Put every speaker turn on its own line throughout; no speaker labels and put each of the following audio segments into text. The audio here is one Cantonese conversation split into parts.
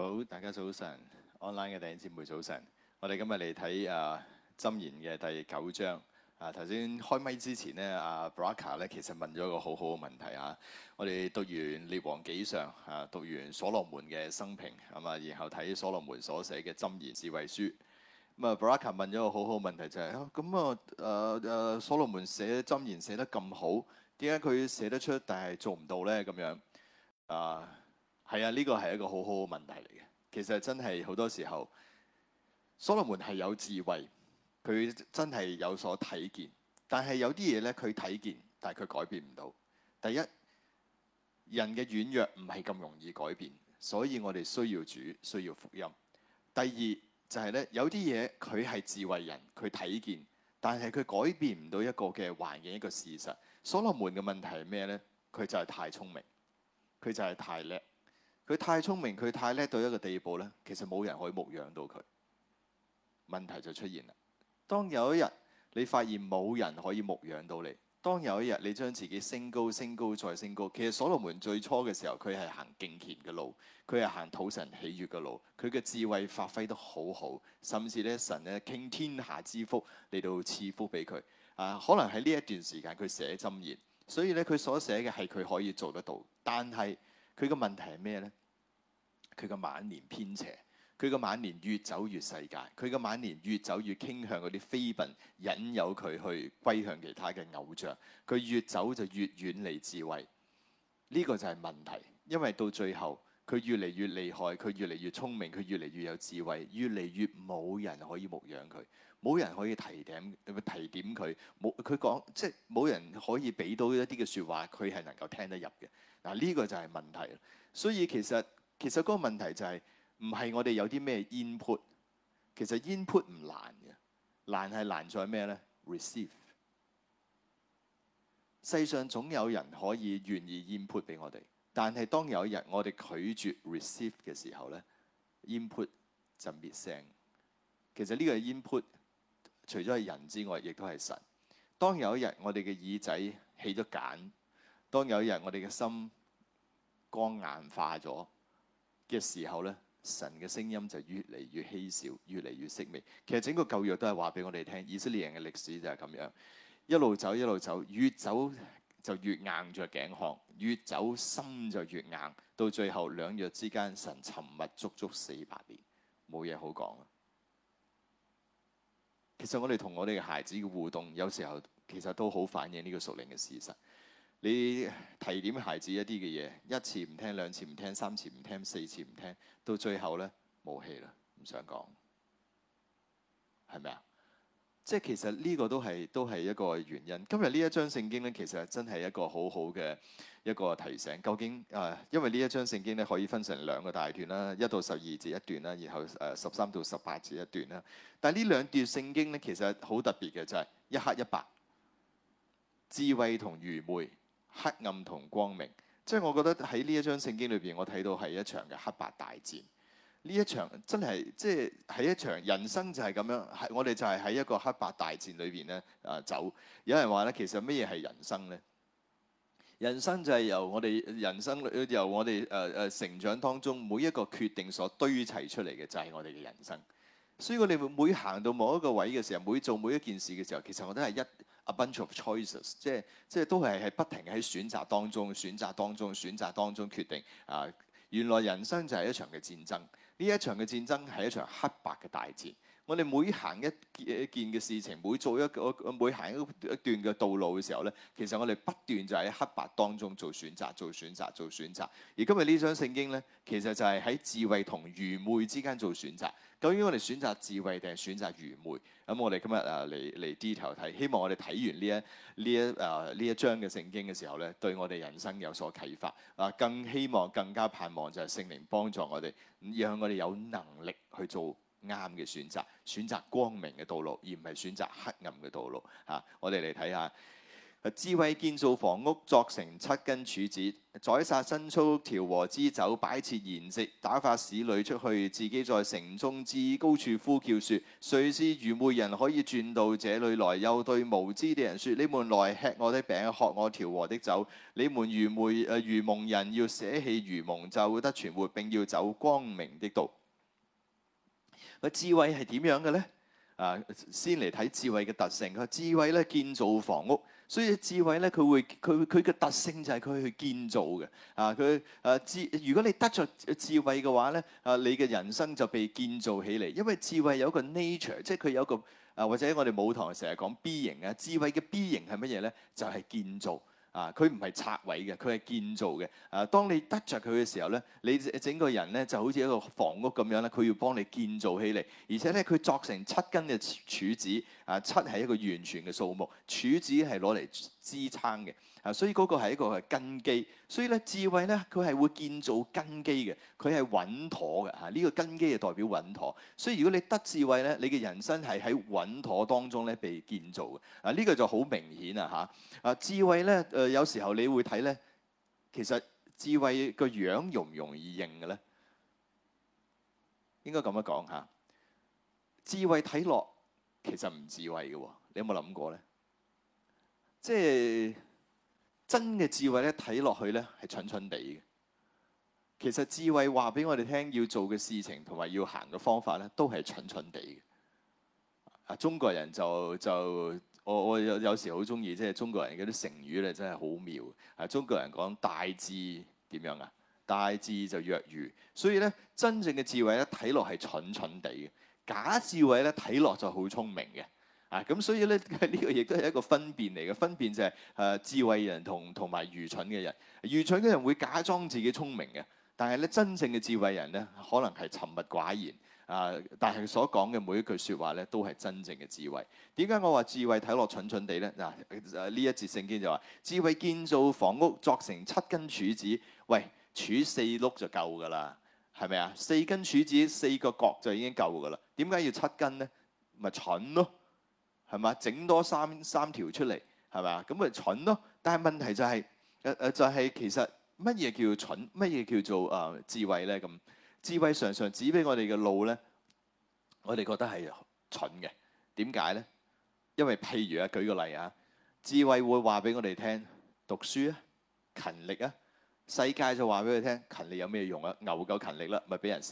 好，大家早晨，online 嘅弟兄姊妹早晨。我哋今日嚟睇啊《箴言》嘅第九章。啊，頭先開麥之前咧，阿布拉 a 咧其實問咗一個好好嘅問題啊。我哋讀完《列王紀上》，啊，讀完《所羅門》嘅生平，咁啊，然後睇《所羅門》所寫嘅《箴言智慧書》。咁啊，布拉 a 問咗個好好問題就係、是，咁啊，誒、啊、誒、啊啊，所羅門寫箴言寫得咁好，點解佢寫得出，但係做唔到咧？咁樣啊？係啊，呢個係一個好好嘅問題嚟嘅。其實真係好多時候，所羅門係有智慧，佢真係有所睇見。但係有啲嘢呢，佢睇見，但係佢改變唔到。第一，人嘅軟弱唔係咁容易改變，所以我哋需要主，需要福音。第二就係呢，有啲嘢佢係智慧人，佢睇見，但係佢改變唔到一個嘅環境，一個事實。所羅門嘅問題係咩呢？佢就係太聰明，佢就係太叻。佢太聰明，佢太叻到一個地步咧，其實冇人可以牧養到佢。問題就出現啦。當有一日你發現冇人可以牧養到你，當有一日你將自己升高、升高再升高，其實所羅門最初嘅時候，佢係行敬虔嘅路，佢係行討神喜悦嘅路，佢嘅智慧發揮得好好，甚至咧神咧傾天下之福嚟到賜福俾佢啊！可能喺呢一段時間佢寫箴言，所以咧佢所寫嘅係佢可以做得到，但係。佢個問題係咩呢？佢個晚年偏斜，佢個晚年越走越世界，佢個晚年越走越傾向嗰啲飛奔，引誘佢去歸向其他嘅偶像。佢越走就越遠離智慧，呢、這個就係問題。因為到最後，佢越嚟越厲害，佢越嚟越聰明，佢越嚟越有智慧，越嚟越冇人可以牧養佢，冇人可以提點提點佢，冇佢講即係冇人可以俾到一啲嘅說話，佢係能夠聽得入嘅。嗱、這、呢個就係問題，所以其實其實嗰個問題就係唔係我哋有啲咩 input，其實 input 唔難嘅，難係難在咩呢？Receive。世上總有人可以願意 input 俾我哋，但係當有一日我哋拒絕 receive 嘅時候呢 input 就滅聲。其實呢個 input 除咗係人之外，亦都係神。當有一日我哋嘅耳仔起咗繭。當有一日我哋嘅心剛硬化咗嘅時候咧，神嘅聲音就越嚟越稀少，越嚟越式微。其實整個舊約都係話俾我哋聽，以色列人嘅歷史就係咁樣，一路走一路走，越走就越硬着頸項，越走心就越硬，到最後兩約之間，神沉默足足四百年，冇嘢好講。其實我哋同我哋嘅孩子嘅互動，有時候其實都好反映呢個屬靈嘅事實。你提點孩子一啲嘅嘢，一次唔聽，兩次唔聽，三次唔聽，四次唔聽，到最後呢，冇氣啦，唔想講，係咪啊？即係其實呢個都係都係一個原因。今日呢一章聖經呢，其實真係一個好好嘅一個提醒。究竟誒、呃，因為呢一章聖經咧可以分成兩個大段啦，一到十二節一段啦，然後誒十三到十八節一段啦。但係呢兩段聖經呢，其實好特別嘅就係、是、一黑一白，智慧同愚昧。黑暗同光明，即係我覺得喺呢一章聖經裏邊，我睇到係一場嘅黑白大戰。呢一場真係即係喺一場人生就係咁樣，係我哋就係喺一個黑白大戰裏邊咧啊走。有人話咧，其實乜嘢係人生咧？人生就係由我哋人生由我哋誒誒成長當中每一個決定所堆砌出嚟嘅，就係我哋嘅人生。所以我哋每行到某一個位嘅時候，每做每一件事嘅時候，其實我都係一。a bunch of choices，即係即係都係係不停喺選擇當中、選擇當中、選擇當中決定啊！原來人生就係一場嘅戰爭，呢一場嘅戰爭係一場黑白嘅大戰。我哋每行一一件嘅事情，每做一個每行一段嘅道路嘅時候咧，其實我哋不斷就喺黑白當中做選擇，做選擇，做選擇。而今日呢章聖經咧，其實就係喺智慧同愚昧之間做選擇。究竟我哋選擇智慧定係選擇愚昧？咁我哋今日啊嚟嚟 detail 睇，希望我哋睇完呢一呢一啊呢一章嘅聖經嘅時候咧，對我哋人生有所啓發。啊，更希望更加盼望就係聖靈幫助我哋，讓我哋有能力去做。啱嘅選擇，選擇光明嘅道路，而唔係選擇黑暗嘅道路。嚇、啊，我哋嚟睇下智慧建造房屋，作成七根柱子，宰殺牲畜調和之酒，擺設筵席，打發使女出去，自己在城中至高處呼叫，説：誰是愚昧人，可以轉到這裡來？又對無知的人説：你們來吃我的餅，喝我調和的酒。你們愚昧誒愚蒙人，要捨棄愚蒙，就得存活，並要走光明的道。個智慧係點樣嘅咧？啊，先嚟睇智慧嘅特性。個智慧咧，建造房屋，所以智慧咧，佢會佢佢嘅特性就係佢去建造嘅。啊，佢啊智，如果你得著智慧嘅話咧，啊，你嘅人生就被建造起嚟，因為智慧有個 nature，即係佢有個啊，或者我哋舞堂成日講 B 型啊，智慧嘅 B 型係乜嘢咧？就係建造。啊！佢唔係拆毀嘅，佢係建造嘅。啊，當你得着佢嘅時候咧，你整個人咧就好似一個房屋咁樣咧，佢要幫你建造起嚟，而且咧佢作成七根嘅柱子。啊，七係一個完全嘅數目，柱子係攞嚟支撐嘅。啊，所以嗰個係一個根基，所以咧智慧咧佢係會建造根基嘅，佢係穩妥嘅。啊，呢個根基就代表穩妥。所以如果你得智慧咧，你嘅人生係喺穩妥當中咧被建造嘅。啊，呢個就好明顯啊！嚇啊，智慧咧，誒有時候你會睇咧，其實智慧個樣容唔容易認嘅咧？應該咁樣講嚇，智慧睇落其實唔智慧嘅喎，你有冇諗過咧？即係。真嘅智慧咧，睇落去咧係蠢蠢地嘅，其實智慧話俾我哋聽要做嘅事情同埋要行嘅方法咧，都係蠢蠢地嘅。啊，中國人就就我我有有時好中意即係中國人嗰啲成語咧，真係好妙。啊，中國人講大智點樣啊？大智就若愚。所以咧，真正嘅智慧咧，睇落係蠢蠢地嘅，假智慧咧，睇落就好聰明嘅。啊！咁所以咧，呢、這個亦都係一個分辨嚟嘅。分辨就係、是、誒、啊、智慧人同同埋愚蠢嘅人。愚蠢嘅人會假裝自己聰明嘅，但係咧真正嘅智慧人咧，可能係沉默寡言啊。但係所講嘅每一句説話咧，都係真正嘅智慧。點解我話智慧睇落蠢蠢地咧嗱？呢、啊、一節聖經就話智慧建造房屋，作成七根柱子。喂，柱四碌就夠㗎啦，係咪啊？四根柱子、四個角就已經夠㗎啦。點解要七根咧？咪蠢咯！係嘛？整多三三條出嚟係嘛？咁咪蠢咯。但係問題就係誒、誒，就係、是、其實乜嘢叫蠢，乜嘢叫做誒智慧咧？咁智慧常常指俾我哋嘅路咧，我哋覺得係蠢嘅。點解咧？因為譬如啊，舉個例啊，智慧會話俾我哋聽讀書啊，勤力啊，世界就話俾佢聽勤力有咩用啊？牛夠勤力啦，咪俾人食。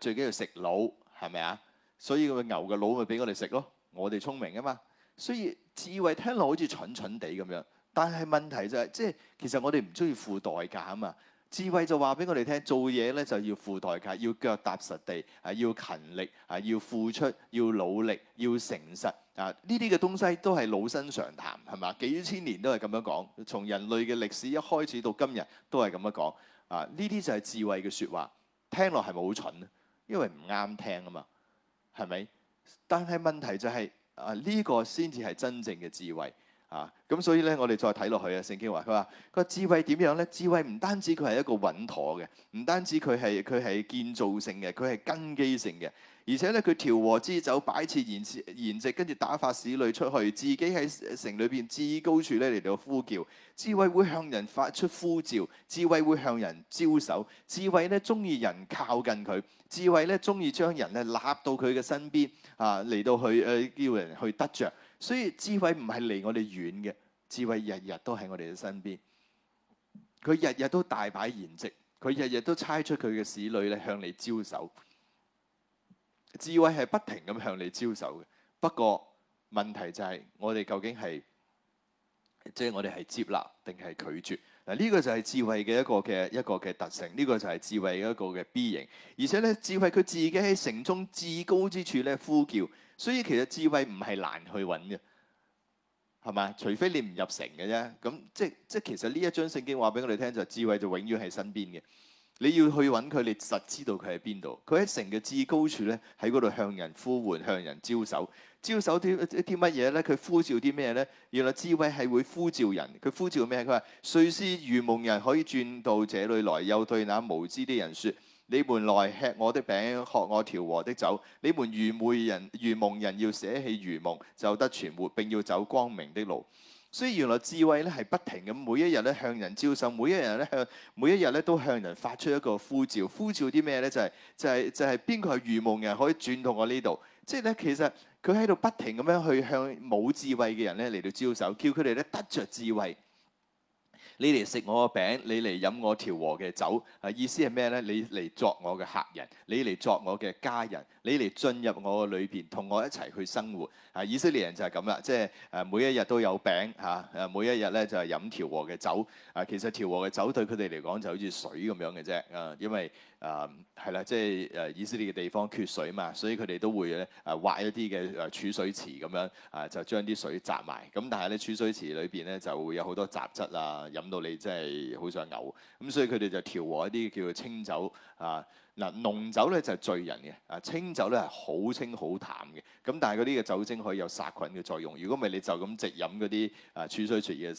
最」誒最緊要食腦係咪啊？所以個牛嘅腦咪俾我哋食咯。我哋聰明啊嘛，所以智慧聽落好似蠢蠢地咁樣，但係問題就係即係其實我哋唔中意付代價啊嘛。智慧就話俾我哋聽，做嘢咧就要付代價，要腳踏實地，係要勤力，係要付出，要努力，要誠實啊！呢啲嘅東西都係老生常談，係嘛？幾千年都係咁樣講，從人類嘅歷史一開始到今日都係咁樣講啊！呢啲就係智慧嘅説話，聽落係咪好蠢咧？因為唔啱聽啊嘛是，係咪？但係問題就係、是、啊，呢個先至係真正嘅智慧。啊，咁所以咧，我哋再睇落去啊。聖經話佢話個智慧點樣咧？智慧唔單止佢係一個穩妥嘅，唔單止佢係佢係建造性嘅，佢係根基性嘅。而且咧，佢調和之酒擺設筵席，筵席跟住打發使女出去，自己喺城裏邊至高處咧嚟到呼叫。智慧會向人發出呼召，智慧會向人招手，智慧咧中意人靠近佢，智慧咧中意將人咧攬到佢嘅身邊啊，嚟到去誒、呃、叫人去得着。所以智慧唔係離我哋遠嘅，智慧日日都喺我哋嘅身邊。佢日日都大擺筵席，佢日日都猜出佢嘅使女咧向你招手。智慧係不停咁向你招手嘅。不過問題就係我哋究竟係即係我哋係接納定係拒絕嗱？呢個就係智慧嘅一個嘅一個嘅特性。呢個就係智慧一個嘅 B 型。而且咧，智慧佢自己喺城中至高之處咧呼叫。所以其實智慧唔係難去揾嘅，係嘛？除非你唔入城嘅啫。咁即係即係其實呢一章聖經話俾我哋聽就智慧就永遠喺身邊嘅。你要去揾佢，你實知道佢喺邊度。佢喺城嘅至高處咧，喺嗰度向人呼喚，向人招手。招手啲一啲乜嘢咧？佢呼召啲咩咧？原來智慧係會呼召人。佢呼召咩？佢話誰是愚蒙人可以轉到這裡來。又對那無知啲人說。你們來吃我的餅，喝我調和的酒。你們愚昧人，愚蒙人要捨棄愚蒙，就得存活，並要走光明的路。所以原來智慧咧係不停咁，每一日咧向人招手，每一日咧向每一日咧都向人發出一個呼召。呼召啲咩咧？就係、就係、就係、邊個係愚蒙人，可以轉到我呢度？即係咧，其實佢喺度不停咁樣去向冇智慧嘅人咧嚟到招手，叫佢哋咧得着智慧。你嚟食我個餅，你嚟飲我調和嘅酒。啊，意思係咩呢？你嚟作我嘅客人，你嚟作我嘅家人，你嚟進入我裏邊，同我一齊去生活。啊，以色列人就係咁啦，即係誒每一日都有餅嚇，誒、啊、每一日咧就係飲調和嘅酒。啊，其實調和嘅酒對佢哋嚟講就好似水咁樣嘅啫。啊，因為。誒係啦，即係誒以色列嘅地方缺水嘛，所以佢哋都會咧誒挖一啲嘅誒儲水池咁樣，誒就將啲水集埋。咁但係咧儲水池裏邊咧就會有好多雜質啊，飲到你真係好想嘔。咁所以佢哋就調和一啲叫做清酒啊。嗱濃酒咧就係醉人嘅，啊清酒咧係好清好淡嘅。咁但係嗰啲嘅酒精可以有殺菌嘅作用。如果唔係你就咁直飲嗰啲啊儲水取嘢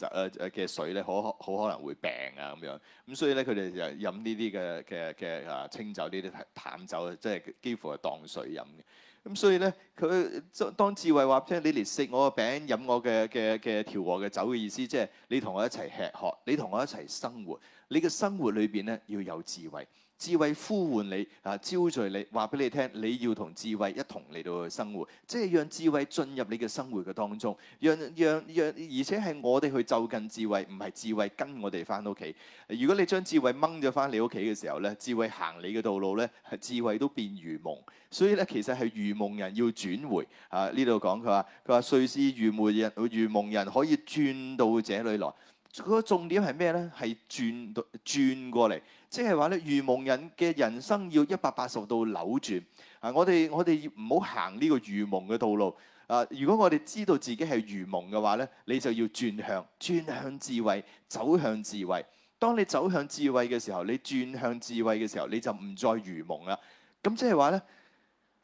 嘅水咧，好好可能會病啊咁樣。咁所以咧佢哋就飲呢啲嘅嘅嘅啊清酒呢啲淡酒，即係幾乎係當水飲嘅。咁所以咧佢當智慧話即係，你嚟食我嘅餅，飲我嘅嘅嘅調和嘅酒嘅意思，即係你同我一齊吃喝，你同我一齊生活，你嘅生活裏邊咧要有智慧。智慧呼喚你啊，招聚你，話俾你聽，你要同智慧一同嚟到去生活，即係讓智慧進入你嘅生活嘅當中，讓、讓、讓，而且係我哋去就近智慧，唔係智慧跟我哋返屋企。如果你將智慧掹咗返你屋企嘅時候咧，智慧行你嘅道路咧，智慧都變愚蒙。所以咧，其實係愚蒙人要轉回啊！呢度講佢話，佢話誰是愚蒙人，愚蒙人可以轉到這裡來。個重點係咩咧？係轉到轉過嚟，即係話咧，愚蒙人嘅人生要一百八十度扭轉。啊，我哋我哋唔好行呢個愚蒙嘅道路。啊，如果我哋知道自己係愚蒙嘅話咧，你就要轉向，轉向智慧，走向智慧。當你走向智慧嘅時候，你轉向智慧嘅時候，你就唔再愚蒙啦。咁即係話咧，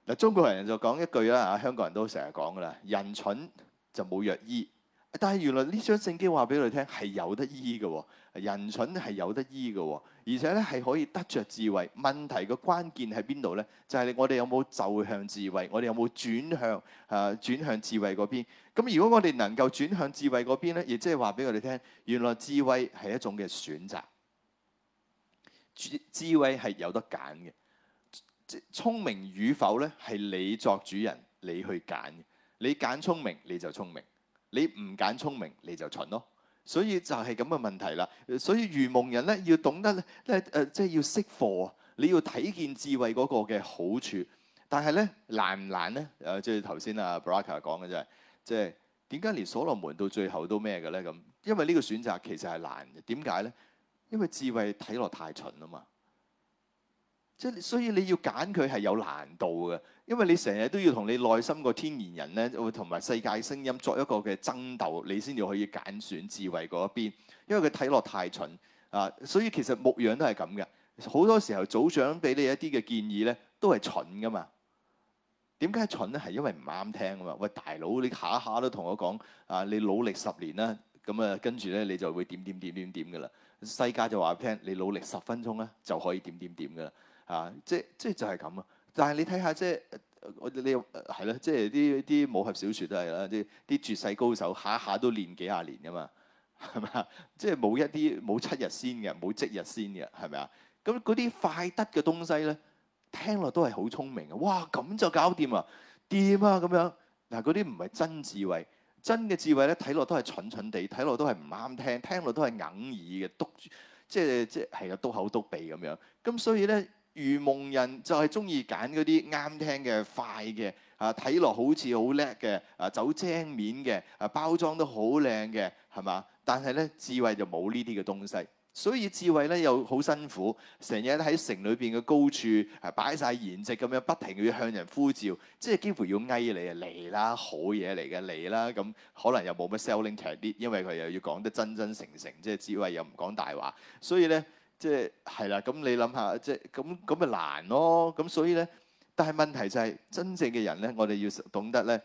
嗱，中國人就講一句啦，香港人都成日講㗎啦，人蠢就冇藥醫。但係原來呢張聖經話俾我哋聽係有得醫嘅，人蠢係有得醫嘅，而且咧係可以得着智慧。問題個關鍵喺邊度咧？就係、你、我哋有冇就向智慧，我哋有冇轉向啊？轉向智慧嗰邊。咁如果我哋能夠轉向智慧嗰邊咧，亦即係話俾我哋聽，原來智慧係一種嘅選擇，智慧係有得揀嘅。聰明與否咧，係你作主人，你去揀。你揀聰明，你就聰明。你唔揀聰明，你就蠢咯。所以就係咁嘅問題啦。所以愚蒙人咧要懂得咧誒、呃呃，即係要識貨。你要睇見智慧嗰個嘅好處，但係咧難唔難咧？誒、啊啊，即係頭先阿 Brack 講嘅啫。即係點解連所羅門到最後都咩嘅咧？咁，因為呢個選擇其實係難嘅。點解咧？因為智慧睇落太蠢啊嘛。即係所以你要揀佢係有難度嘅。因為你成日都要同你內心個天然人咧，會同埋世界聲音作一個嘅爭鬥，你先至可以揀選智慧嗰一邊。因為佢睇落太蠢啊，所以其實牧養都係咁嘅。好多時候組長俾你一啲嘅建議咧，都係蠢噶嘛。點解蠢咧？係因為唔啱聽啊嘛。喂，大佬，你下下都同我講啊，你努力十年啦，咁啊，跟住咧你就會點點點點點㗎啦。世界就話聽你努力十分鐘咧就可以點點點㗎啦。啊、即係，即即就係咁啊。但係你睇下即係我哋呢係咯，即係啲啲武俠小説都係啦，啲啲絕世高手下下都練幾廿年噶嘛，係咪？即係冇一啲冇七日先嘅，冇即日先嘅，係咪啊？咁嗰啲快得嘅東西咧，聽落都係好聰明嘅。哇，咁就搞掂啊！掂啊咁樣嗱，嗰啲唔係真智慧，真嘅智慧咧睇落都係蠢蠢地，睇落都係唔啱聽，聽落都係硬耳嘅篤，即係即係係有篤口篤鼻咁樣。咁所以咧。愚蒙人就係中意揀嗰啲啱聽嘅快嘅，啊睇落好似好叻嘅，啊走精面嘅，啊包裝都好靚嘅，係嘛？但係咧，智慧就冇呢啲嘅東西，所以智慧咧又好辛苦，成日喺城裏邊嘅高處擺晒筵席咁樣，不停要向人呼召，即係幾乎要嗌你啊嚟啦，好嘢嚟嘅嚟啦，咁可能又冇乜 selling 強啲，因為佢又要講得真真誠誠，即係智慧又唔講大話，所以咧。即係係啦，咁你諗下，即係咁咁咪難咯。咁所以咧，但係問題就係、是、真正嘅人咧，我哋要懂得咧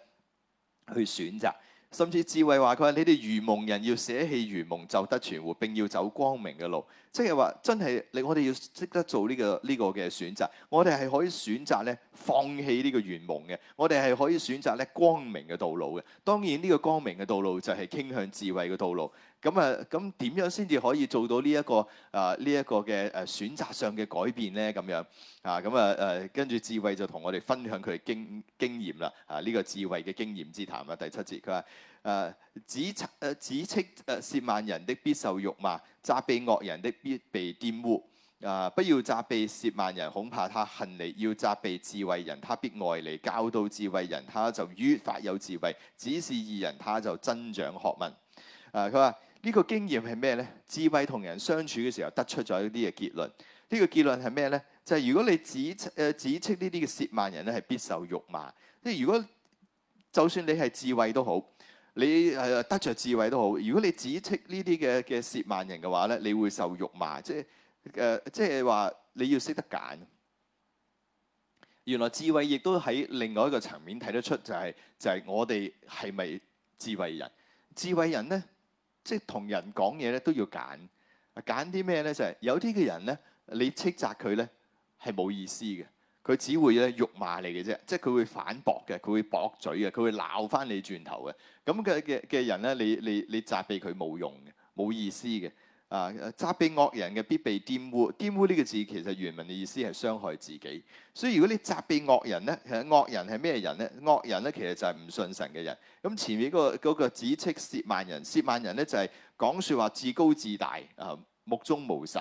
去選擇，甚至智慧話佢話：你哋愚蒙人要捨棄愚蒙，就得存活，並要走光明嘅路。即係話真係，令我哋要識得做呢、這個呢、這個嘅選擇。我哋係可以選擇咧放棄呢個愚蒙嘅，我哋係可以選擇咧光明嘅道路嘅。當然呢個光明嘅道路就係傾向智慧嘅道路。咁啊，咁點樣先至可以做到呢、這、一個啊呢一、這個嘅誒、啊、選擇上嘅改變咧？咁樣啊，咁啊誒，跟住智慧就同我哋分享佢嘅經經驗啦。啊，呢、這個智慧嘅經驗之談啦，第七節佢話誒指斥誒斥誒褻慢人的必受辱罵，責備惡人的必被玷污。啊，不要責備褻慢人，恐怕他恨你；要責備智慧人，他必愛你。教導智慧人，他就愈發有智慧。指示義人，他就增長學問。啊，佢話。呢、這個經驗係咩咧？智慧同人相處嘅時候，得出咗一啲嘅結論。呢、這個結論係咩咧？就係、是、如果你指斥、呃、指斥呢啲嘅褻慢人咧，係必受辱罵。即係如果就算你係智慧都好，你係、呃、得着智慧都好，如果你指斥呢啲嘅嘅褻慢人嘅話咧，你會受辱罵。即係誒、呃，即係話你要識得揀。原來智慧亦都喺另外一個層面睇得出、就是，就係就係我哋係咪智慧人？智慧人咧？即係同人講嘢咧都要揀，揀啲咩咧就係、係、有啲嘅人咧，你斥責佢咧係冇意思嘅，佢只會咧辱罵你嘅啫，即係佢會反駁嘅，佢會駁嘴嘅，佢會鬧翻你轉頭嘅，咁嘅嘅嘅人咧，你你你你責備佢冇用嘅，冇意思嘅。啊！責備惡人嘅必被玷污，玷污呢個字其實原文嘅意思係傷害自己。所以如果你責備惡人咧，啊，其實惡人係咩人咧？惡人咧其實就係唔信神嘅人。咁前面嗰、那個那個指斥褻慢人，褻慢人咧就係講説話自高自大啊，目中無神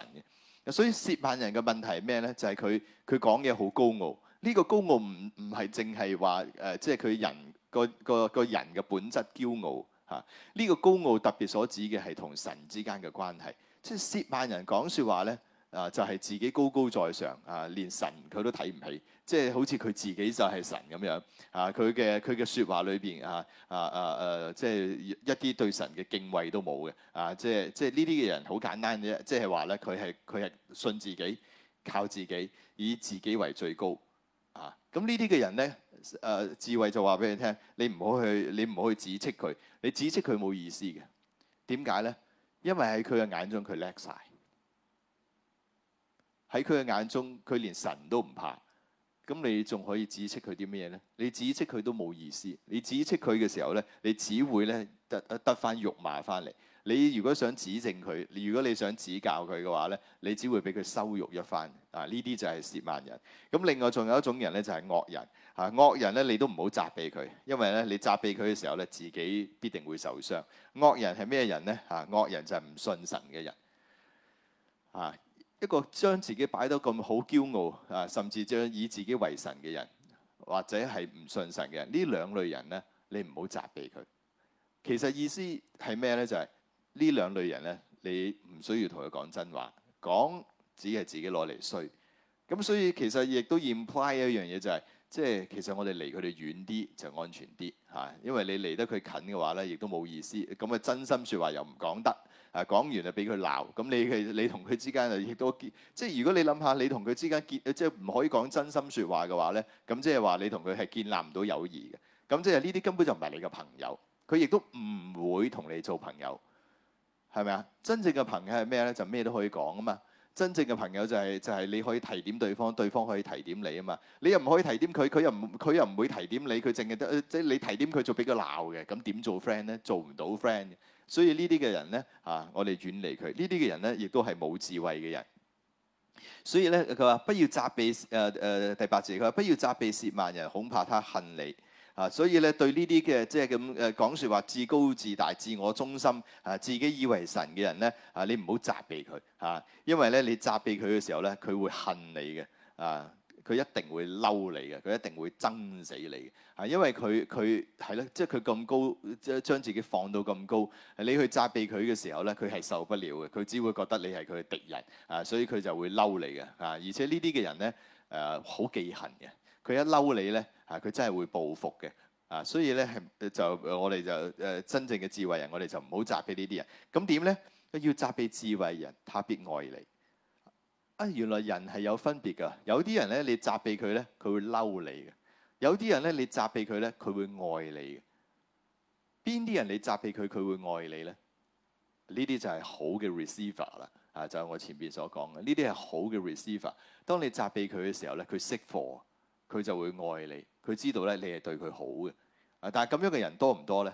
嘅。所以褻慢人嘅問題係咩咧？就係佢佢講嘢好高傲。呢、這個高傲唔唔係淨係話誒，即係佢人個個個人嘅本質驕傲。啊！呢、這個高傲特別所指嘅係同神之間嘅關係，即係褻慢人講説話咧，啊就係、是、自己高高在上，啊連神佢都睇唔起，即係好似佢自己就係神咁樣，啊佢嘅佢嘅説話裏邊啊啊啊、呃就是、啊，即係一啲對神嘅敬畏都冇嘅，啊即係即係呢啲嘅人好簡單啫，即係話咧佢係佢係信自己，靠自己，以自己為最高，啊咁呢啲嘅人咧。誒、uh, 智慧就話俾你聽：你唔好去，你唔好去指斥佢。你指斥佢冇意思嘅。點解呢？因為喺佢嘅眼中，佢叻晒。喺佢嘅眼中，佢連神都唔怕。咁你仲可以指斥佢啲咩嘢呢？你指斥佢都冇意思。你指斥佢嘅時候呢，你只會呢得得翻辱罵翻嚟。你如果想指正佢，如果你想指教佢嘅話呢，你只會俾佢羞辱一番。啊，呢啲就係褻慢人。咁另外仲有一種人呢，就係、是、惡人。嚇惡人咧，你都唔好責備佢，因為咧你責備佢嘅時候咧，自己必定會受傷。惡人係咩人咧？嚇惡人就係唔信神嘅人。嚇一個將自己擺到咁好驕傲啊，甚至將以自己為神嘅人，或者係唔信神嘅人。呢兩類人咧，你唔好責備佢。其實意思係咩咧？就係呢兩類人咧，你唔需要同佢講真話，講只係自己攞嚟衰。咁所以其實亦都 imply 一樣嘢，就係。即係其實我哋離佢哋遠啲就安全啲嚇，因為你離得佢近嘅話咧，亦都冇意思。咁啊真心説話又唔講得，啊講完就俾佢鬧，咁你嘅你同佢之間啊亦都即係如果你諗下你同佢之間建，即係唔可以講真心説話嘅話咧，咁即係話你同佢係建立唔到友誼嘅。咁即係呢啲根本就唔係你嘅朋友，佢亦都唔會同你做朋友，係咪啊？真正嘅朋友係咩咧？就咩都可以講啊嘛。真正嘅朋友就係就係你可以提點對方，對方可以提點你啊嘛。你又唔可以提點佢，佢又唔佢又唔會提點你，佢淨係得即係你提點佢就畀佢鬧嘅。咁點做 friend 咧？做唔到 friend 嘅。所以呢啲嘅人咧，啊，我哋遠離佢。呢啲嘅人咧，亦都係冇智慧嘅人。所以咧，佢話不要責備誒誒第八字，佢話不要責備褻慢人，恐怕他恨你。啊，所以咧對呢啲嘅即係咁誒講説話自高自大、自我中心啊，自己以為神嘅人咧啊，你唔好責備佢啊，因為咧你責備佢嘅時候咧，佢會恨你嘅啊，佢一定會嬲你嘅，佢一定會憎死你嘅啊，因為佢佢係咧，即係佢咁高，即係將自己放到咁高，你去責備佢嘅時候咧，佢係受不了嘅，佢只會覺得你係佢嘅敵人啊，所以佢就會嬲你嘅啊，而且呢啲嘅人咧誒好記恨嘅，佢一嬲你咧。佢真係會報復嘅，啊！所以咧係就我哋就誒真正嘅智慧人，我哋就唔好責備呢啲人。咁點咧？要責備智慧人，他必愛你。啊！原來人係有分別㗎。有啲人咧，你責備佢咧，佢會嬲你嘅；有啲人咧，你責備佢咧，佢會愛你嘅。邊啲人你責備佢，佢會愛你咧？呢啲就係好嘅 receiver 啦。啊，就係我前邊所講嘅，呢啲係好嘅 receiver。當你責備佢嘅時候咧，佢識貨，佢就會愛你。佢知道咧，你係對佢好嘅，啊！但係咁樣嘅人多唔多咧？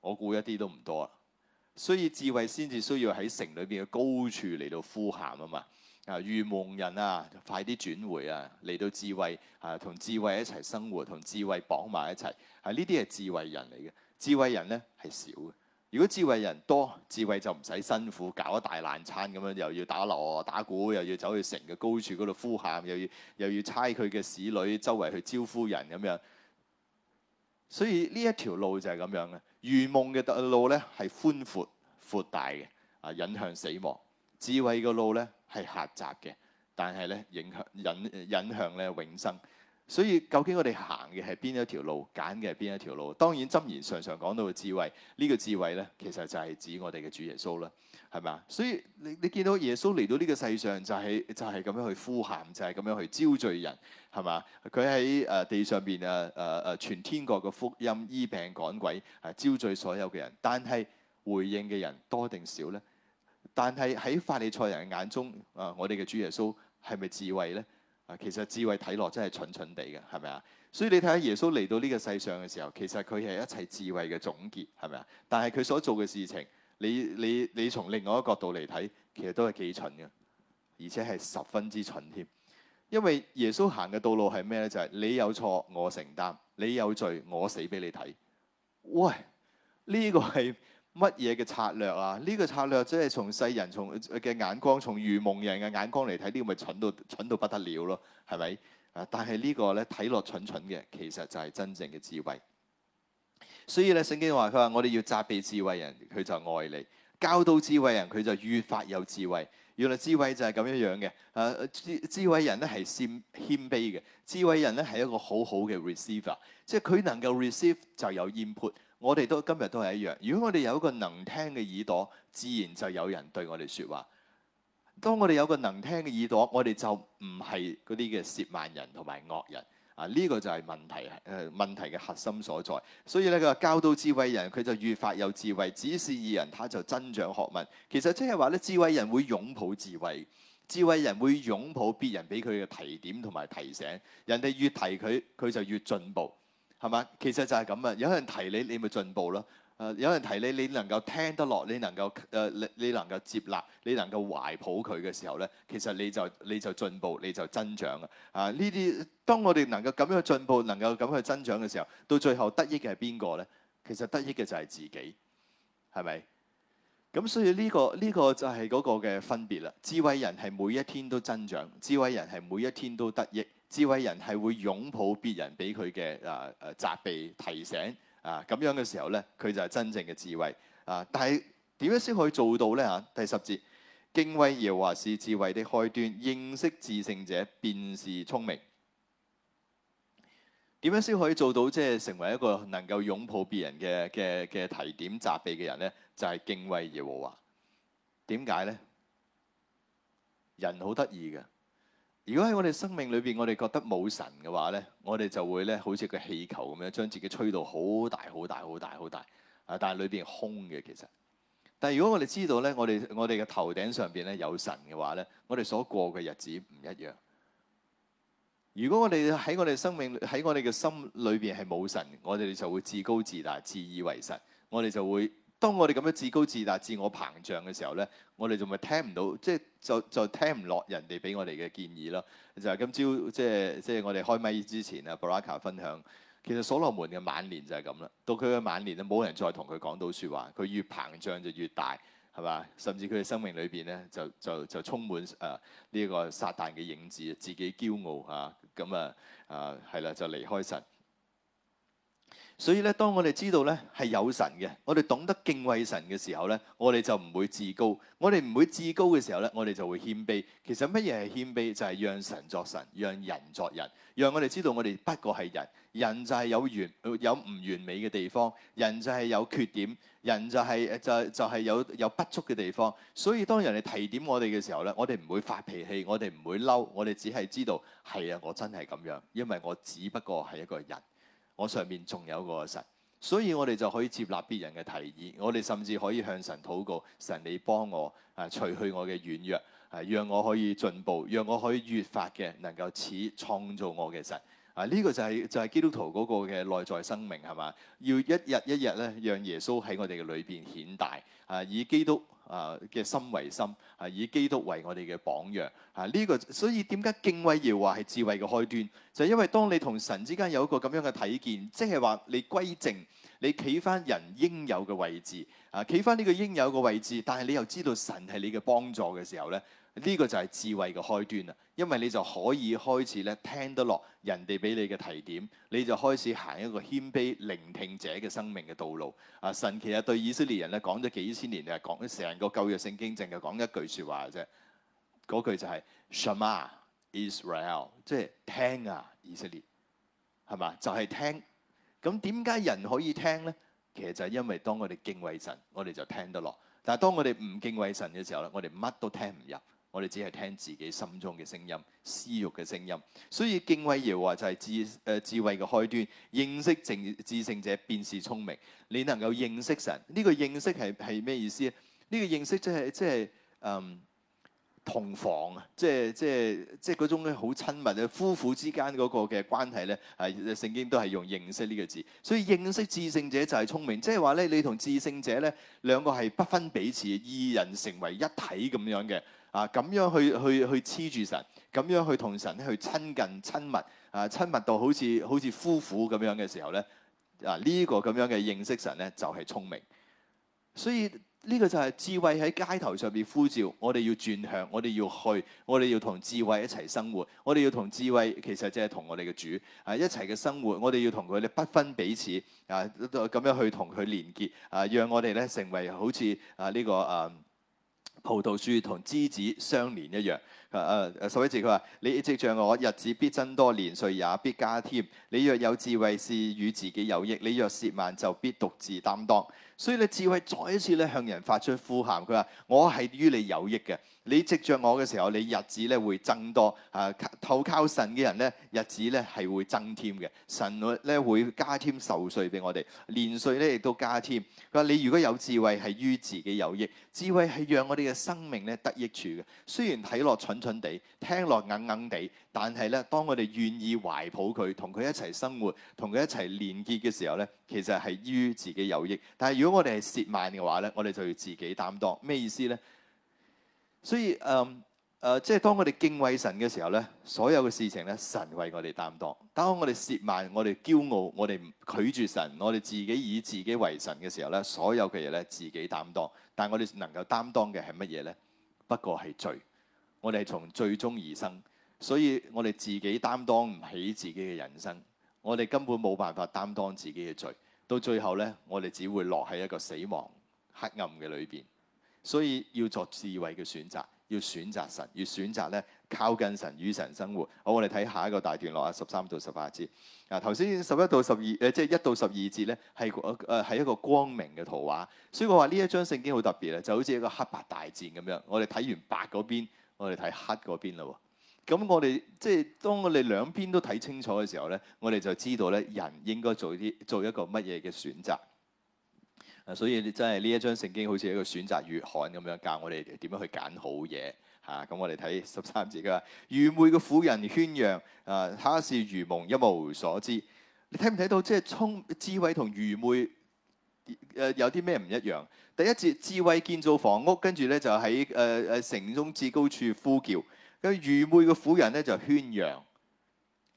我估一啲都唔多啦。所以智慧先至需要喺城裏邊嘅高處嚟到呼喊啊嘛！啊，愚蒙人啊，快啲轉回啊！嚟到智慧啊，同智慧一齊生活，同智慧綁埋一齊啊！呢啲係智慧人嚟嘅，智慧人咧係少嘅。如果智慧人多，智慧就唔使辛苦搞一大爛餐咁樣，又要打鑼打鼓，又要走去城嘅高處嗰度呼喊，又要又要差佢嘅使女周圍去招呼人咁樣。所以呢一條路就係咁樣嘅，愚蒙嘅路咧係寬闊闊大嘅啊，引向死亡；智慧嘅路咧係狹窄嘅，但係咧影響引引，引向咧永生。所以究竟我哋行嘅係邊一條路，揀嘅係邊一條路？當然，箴言常常講到嘅智慧，呢個智慧咧，其實就係指我哋嘅主耶穌啦，係嘛？所以你你見到耶穌嚟到呢個世上，就係就係咁樣去呼喊，就係咁樣去招聚人，係嘛？佢喺誒地上邊誒誒誒，全天國嘅福音醫病趕鬼，誒、啊、招聚所有嘅人。但係回應嘅人多定少咧？但係喺法利賽人眼中，誒、啊、我哋嘅主耶穌係咪智慧咧？啊，其實智慧睇落真係蠢蠢地嘅，係咪啊？所以你睇下耶穌嚟到呢個世上嘅時候，其實佢係一切智慧嘅總結，係咪啊？但係佢所做嘅事情，你你你從另外一個角度嚟睇，其實都係幾蠢嘅，而且係十分之蠢添。因為耶穌行嘅道路係咩呢？就係你有錯我承擔，你有罪我死俾你睇。喂，呢個係～乜嘢嘅策略啊？呢個策略即係從世人從嘅眼光，從愚蒙人嘅眼光嚟睇，呢個咪蠢到蠢到不得了咯？係咪？啊！但係呢個咧睇落蠢蠢嘅，其實就係真正嘅智慧。所以咧，聖經話佢話：說我哋要責備智慧人，佢就愛你；教導智慧人，佢就越發有智慧。原來智慧就係咁樣樣嘅。誒，智智慧人咧係謙謙卑嘅，智慧人咧係一個好好嘅 receiver，即係佢能夠 receive 就有 input 我哋都今日都係一樣。如果我哋有一個能聽嘅耳朵，自然就有人對我哋説話。當我哋有個能聽嘅耳朵，我哋就唔係嗰啲嘅褻慢人同埋惡人。啊，呢、這個就係問題誒、呃、問題嘅核心所在。所以咧，佢話教導智慧人，佢就越發有智慧。指示義人，他就增長學問。其實即係話咧，智慧人會擁抱智慧，智慧人會擁抱別人俾佢嘅提點同埋提醒。人哋越提佢，佢就越進步。係嘛？其實就係咁啊！有人提你，你咪進步咯。誒，有人提你，你能夠聽得落，你能夠誒，你你能夠接納，你能夠懷抱佢嘅時候咧，其實你就你就進步，你就增長啊！啊，呢啲當我哋能夠咁樣進步，能夠咁樣去增長嘅時候，到最後得益嘅係邊個咧？其實得益嘅就係自己，係咪？咁所以呢個呢個就係嗰個嘅分別啦。智慧人係每一天都增長，智慧人係每一天都得益。智慧人係會擁抱別人俾佢嘅啊、啊責備提醒啊，咁樣嘅時候咧，佢就係真正嘅智慧啊！但係點樣先可以做到咧嚇？第十節，敬畏耶和華是智慧的開端，認識至聖者便是聰明。點樣先可以做到，即係成為一個能夠擁抱別人嘅嘅嘅提點責備嘅人咧？就係敬畏耶和華。點解咧？人好得意嘅。如果喺我哋生命裏邊，我哋覺得冇神嘅話呢，我哋就會咧好似個氣球咁樣，將自己吹到好大、好大、好大、好大啊！但係裏邊空嘅其實。但係如果我哋知道呢，我哋我哋嘅頭頂上邊咧有神嘅話呢，我哋所過嘅日子唔一樣。如果我哋喺我哋生命喺我哋嘅心裏邊係冇神，我哋就會自高自大、自以為神，我哋就會。當我哋咁樣自高自大、自我膨脹嘅時候呢，我哋仲咪聽唔到，即係就就，就聽唔落人哋俾我哋嘅建議咯。就係、是、今朝即係即係我哋開咪之前啊，布拉卡分享，其實所羅門嘅晚年就係咁啦。到佢嘅晚年咧，冇人再同佢講到説話。佢越膨脹就越大，係嘛？甚至佢嘅生命裏邊呢，就就就充滿誒呢個撒旦嘅影子，自己驕傲嚇，咁啊啊係啦、啊，就離開神。所以咧，當我哋知道咧係有神嘅，我哋懂得敬畏神嘅時候咧，我哋就唔會自高。我哋唔會自高嘅時候咧，我哋就會謙卑。其實乜嘢係謙卑？就係、是、讓神作神，讓人作人，讓我哋知道我哋不過係人。人就係有完有唔完美嘅地方，人就係有缺點，人就係、是、就是、就係、是、有有不足嘅地方。所以當人哋提點我哋嘅時候咧，我哋唔會發脾氣，我哋唔會嬲，我哋只係知道係啊，我真係咁樣，因為我只不過係一個人。我上面仲有個神，所以我哋就可以接納別人嘅提議，我哋甚至可以向神禱告：神你幫，你幫我啊，除去我嘅軟弱，啊，讓我可以進步，讓我可以越發嘅能夠似創造我嘅神。啊，呢、這個就係、是、就是、基督徒嗰個嘅內在生命，係嘛？要一日一日咧，讓耶穌喺我哋嘅裏面顯大，啊，以基督。啊嘅心為心，啊以基督為我哋嘅榜樣，啊呢個所以點解敬畏要話係智慧嘅開端？就係因為當你同神之間有一個咁樣嘅睇見，即係話你歸正，你企返人應有嘅位置，啊企返呢個應有嘅位置，但係你又知道神係你嘅幫助嘅時候咧。呢個就係智慧嘅開端啦，因為你就可以開始咧聽得落人哋俾你嘅提點，你就開始行一個謙卑聆聽者嘅生命嘅道路。啊，神其實對以色列人咧講咗幾千年，就係講咗成個舊約聖經淨係講一句説話啫，嗰句就係 Shema Israel，即係聽啊，以色列，係嘛？就係聽。咁點解人可以聽呢？其實就係因為當我哋敬畏神，我哋就聽得落。但係當我哋唔敬畏神嘅時候咧，我哋乜都聽唔入。我哋只係聽自己心中嘅聲音、私欲嘅聲音，所以敬畏耶和華就係智、誒智慧嘅開端。認識至至聖者便是聰明。你能夠認識神呢，這個認識係係咩意思咧？呢，這個認識即係即係嗯，同房啊，即係即係即係嗰種好親密嘅夫婦之間嗰個嘅關係咧，係聖經都係用認識呢個字。所以認識至聖者就係聰明，即係話咧，你同至聖者咧兩個係不分彼此，二人成為一體咁樣嘅。啊，咁樣去去去黐住神，咁樣去同神去親近親密，啊親密到好似好似夫婦咁樣嘅時候咧，啊呢個咁樣嘅認識神咧就係聰明。所以呢個就係智慧喺街頭上邊呼召，我哋要轉向，我哋要去，我哋要同智慧一齊生活，我哋要同智慧其實即係同我哋嘅主啊一齊嘅生活，我哋要同佢哋不分彼此啊咁樣去同佢連結啊，讓我哋咧成為好似啊呢個啊。呢個啊葡萄樹同枝子相連一樣。誒誒十一節佢話，你藉著我日子必增多，年歲也必加添。你若有智慧，是與自己有益；你若褻慢就必獨自擔當。所以咧，智慧再一次咧向人發出呼喊，佢話，我係於你有益嘅。你藉著我嘅時候，你日子咧會增多。啊，靠靠神嘅人咧，日子咧係會增添嘅。神會咧會加添壽歲俾我哋，年歲咧亦都加添。佢話，你如果有智慧，係於自己有益。智慧係讓我哋嘅生命咧得益處嘅。雖然睇落蠢。蠢地聽落硬硬地，但係咧，當我哋願意懷抱佢，同佢一齊生活，同佢一齊連結嘅時候咧，其實係於自己有益。但係如果我哋係褻慢嘅話咧，我哋就要自己擔當。咩意思呢？所以誒誒、呃呃，即係當我哋敬畏神嘅時候咧，所有嘅事情咧，神為我哋擔當。當我哋褻慢、我哋驕傲、我哋拒絕神、我哋自己以自己為神嘅時候咧，所有嘅嘢咧，自己擔當。但係我哋能夠擔當嘅係乜嘢呢？不過係罪。我哋從最終而生，所以我哋自己擔當唔起自己嘅人生，我哋根本冇辦法擔當自己嘅罪，到最後呢，我哋只會落喺一個死亡黑暗嘅裏邊。所以要作智慧嘅選擇，要選擇神，要選擇呢，靠近神與神生活。好，我哋睇下一個大段落啊，十三到十八節啊。頭先十一到十二誒，即係一到十二節呢，係個誒係一個光明嘅圖畫。所以我話呢一張聖經好特別咧，就好似一個黑白大戰咁樣。我哋睇完白嗰邊。我哋睇黑嗰邊咯，咁我哋即係當我哋兩邊都睇清楚嘅時候咧，我哋就知道咧，人應該做啲做一個乜嘢嘅選擇啊。所以真係呢一章聖經好似一個選擇月刊咁樣，教我哋點樣去揀好嘢吓。咁我哋睇十三節啦，愚昧嘅婦人喧嚷啊，她是愚蒙，一無所知。你睇唔睇到即係聰智慧同愚昧？誒有啲咩唔一樣？第一節智慧建造房屋，跟住咧就喺誒誒城中至高處呼叫。咁愚昧嘅婦人咧就喧嚷。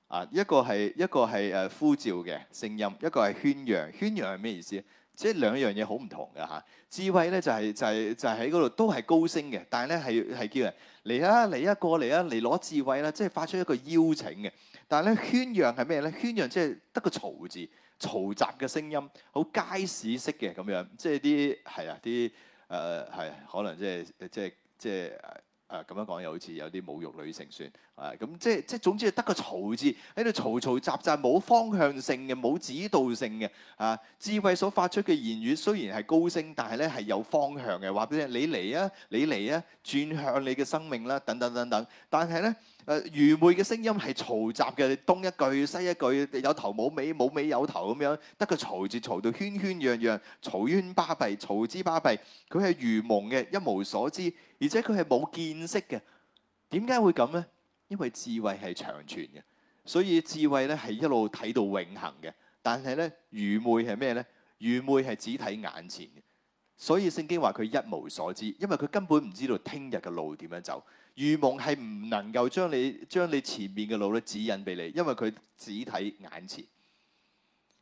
啊，一個係一個係誒呼召嘅聲音，一個係喧嚷。喧嚷係咩意思？即係兩樣嘢好唔同嘅嚇。智慧咧就係、是、就係、是、就喺嗰度都係高聲嘅，但係咧係係叫人嚟啊嚟啊過嚟啊嚟攞、啊啊、智慧啦！即係發出一個邀請嘅。但係咧喧嚷係咩咧？喧嚷即係得個嘈字。嘈雜嘅聲音，好街市式嘅咁樣，即係啲係啊，啲誒係，可能即係即係即係啊咁樣講，又好似有啲侮辱女性算啊，咁即係即係總之係得個嘈字喺度嘈嘈雜雜，冇方向性嘅，冇指導性嘅啊。智慧所發出嘅言語雖然係高聲，但係咧係有方向嘅，話俾你你嚟啊，你嚟啊，轉向你嘅生命啦，等等等等，但係咧。愚昧嘅聲音係嘈雜嘅，東一句西一句，有頭冇尾，冇尾有頭咁樣，得個嘈住嘈到圈圈樣樣，嘈冤巴閉，嘈之巴閉。佢係愚蒙嘅，一無所知，而且佢係冇見識嘅。點解會咁呢？因為智慧係長存嘅，所以智慧咧係一路睇到永恆嘅。但係咧，愚昧係咩呢？愚昧係只睇眼前嘅。所以聖經話佢一無所知，因為佢根本唔知道聽日嘅路點樣走。愚蒙係唔能夠將你將你前面嘅路咧指引俾你，因為佢只睇眼前。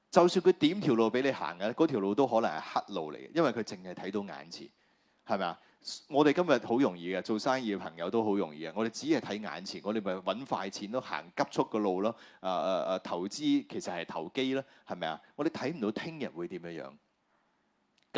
就算佢點條路俾你行嘅嗰條路都可能係黑路嚟嘅，因為佢淨係睇到眼前，係咪啊？我哋今日好容易嘅，做生意嘅朋友都好容易嘅，我哋只係睇眼前，我哋咪搵快錢都行急速嘅路咯，誒誒誒，投資其實係投機啦，係咪啊？我哋睇唔到聽日會點樣樣。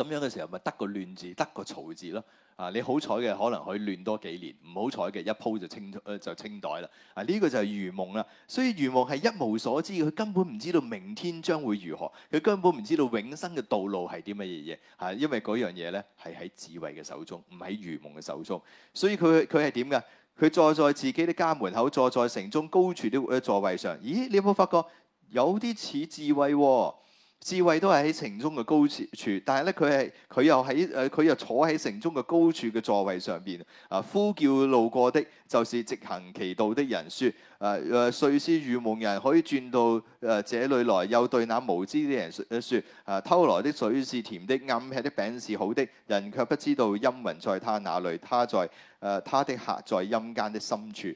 咁樣嘅時候，咪得個亂字，得個嘈字咯。啊，你好彩嘅，可能可以亂多幾年；唔好彩嘅，一鋪就清就清袋啦。啊，呢個就係愚蒙啦。所以愚蒙係一無所知，佢根本唔知道明天將會如何，佢根本唔知道永生嘅道路係啲乜嘢嘢。嚇、啊，因為嗰樣嘢咧係喺智慧嘅手中，唔喺愚蒙嘅手中。所以佢佢係點㗎？佢坐在自己嘅家門口，坐在城中高處嘅座位上。咦，你有冇發覺有啲似智慧喎、哦？智慧都係喺城中嘅高處，但係咧佢係佢又喺誒佢又坐喺城中嘅高處嘅座位上邊啊，呼叫路過的就是直行其道的人說誒誒，誰是愚蒙人可以轉到誒、啊、這裏來，又對那無知的人說，誒、啊、偷來的水是甜的，暗吃的餅是好的，人卻不知道陰魂在他那裏，他在誒、啊、他的客在陰間的深處。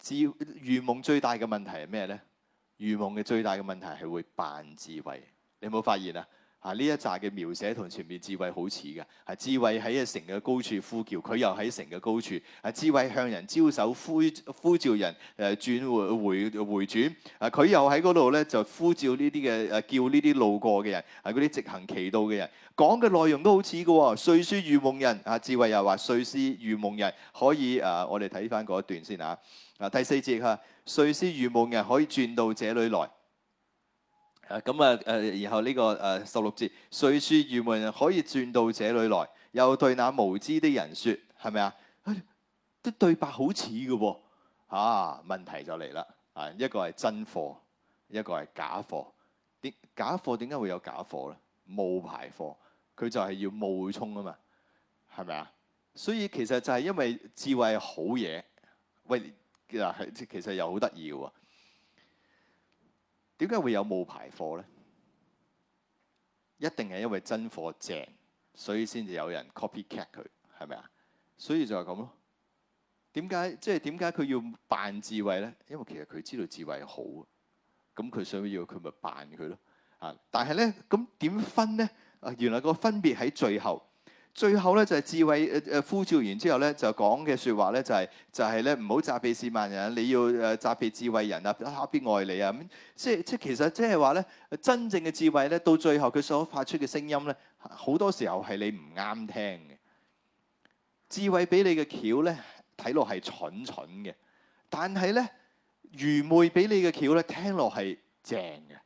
智愚蒙最大嘅問題係咩咧？愚蒙嘅最大嘅問題係會扮智慧，你有冇發現啊？啊呢一紮嘅描寫同前面智慧好似嘅，係、啊、智慧喺城嘅高處呼叫，佢又喺城嘅高處，啊智慧向人招手呼呼召人，誒、啊、轉回回轉啊佢又喺嗰度咧就呼召呢啲嘅誒叫呢啲路過嘅人，啊嗰啲直行其道嘅人，講嘅內容都好似嘅喎。誰是愚蒙人啊智慧又話誰是愚蒙人可以啊我哋睇翻嗰一段先嚇啊第四節嚇。啊誰是愚蒙人可以轉到這裏來，咁啊誒、啊，然後呢、這個誒，十六節誰是愚蒙人可以轉到這裏來，又對那無知的人說，係咪啊？啲對白好似噶喎，吓、啊、問題就嚟啦，啊一個係真貨，一個係假貨，點假貨點解會有假貨咧？冒牌貨，佢就係要冒充啊嘛，係咪啊？所以其實就係因為智慧係好嘢，喂。嗱係，其實又好得意嘅喎。點解會有冒牌貨咧？一定係因為真貨正，所以先至有人 copycat 佢，係咪啊？所以就係咁咯。點解即係點解佢要扮智慧咧？因為其實佢知道智慧好，咁佢想要佢咪扮佢咯啊！但係咧，咁點分咧？啊，原來個分別喺最後。最後咧就係智慧誒誒呼召完之後咧就講嘅説話咧就係、是、就係咧，唔好責備褻慢人。你要誒責備智慧人啊，他必愛你啊。咁即係即係其實即係話咧，真正嘅智慧咧，到最後佢所發出嘅聲音咧，好多時候係你唔啱聽嘅。智慧俾你嘅橋咧，睇落係蠢蠢嘅，但係咧，愚昧俾你嘅橋咧，聽落係正嘅，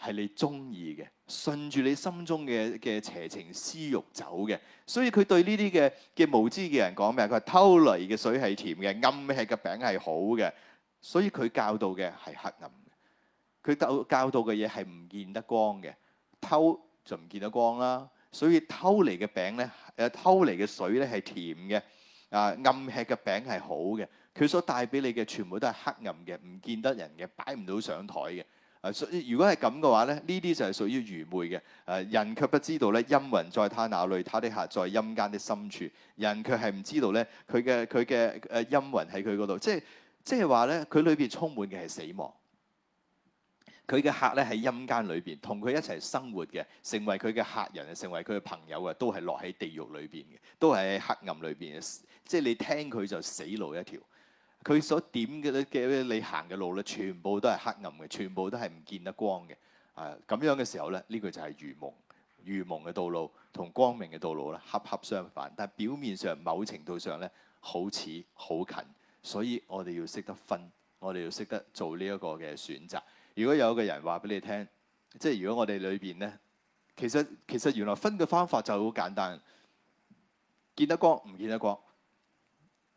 係你中意嘅。順住你心中嘅嘅邪情私欲走嘅，所以佢對呢啲嘅嘅無知嘅人講咩？佢話偷嚟嘅水係甜嘅，暗吃嘅餅係好嘅。所以佢教導嘅係黑暗嘅，佢教教導嘅嘢係唔見得光嘅。偷就唔見得光啦。所以偷嚟嘅餅咧，誒偷嚟嘅水咧係甜嘅，啊的的暗吃嘅餅係好嘅。佢所帶俾你嘅全部都係黑暗嘅，唔見得人嘅，擺唔到上台嘅。誒，如果係咁嘅話咧，呢啲就係屬於愚昧嘅。誒，人卻不知道咧，陰魂在他那裏，他的客在陰間的深處。人卻係唔知道咧，佢嘅佢嘅誒陰魂喺佢嗰度，即係即係話咧，佢裏邊充滿嘅係死亡。佢嘅客咧喺陰間裏邊，同佢一齊生活嘅，成為佢嘅客人啊，成為佢嘅朋友啊，都係落喺地獄裏邊嘅，都係喺黑暗裏邊嘅，即係你聽佢就死路一條。佢所點嘅咧嘅你行嘅路咧，全部都係黑暗嘅，全部都係唔見得光嘅。啊，咁樣嘅時候咧，呢個就係愚蒙，愚蒙嘅道路同光明嘅道路咧，恰恰相反。但係表面上某程度上咧，好似好近，所以我哋要識得分，我哋要識得做呢一個嘅選擇。如果有一個人話俾你聽，即係如果我哋裏邊咧，其實其實原來分嘅方法就好簡單，見得光唔見得光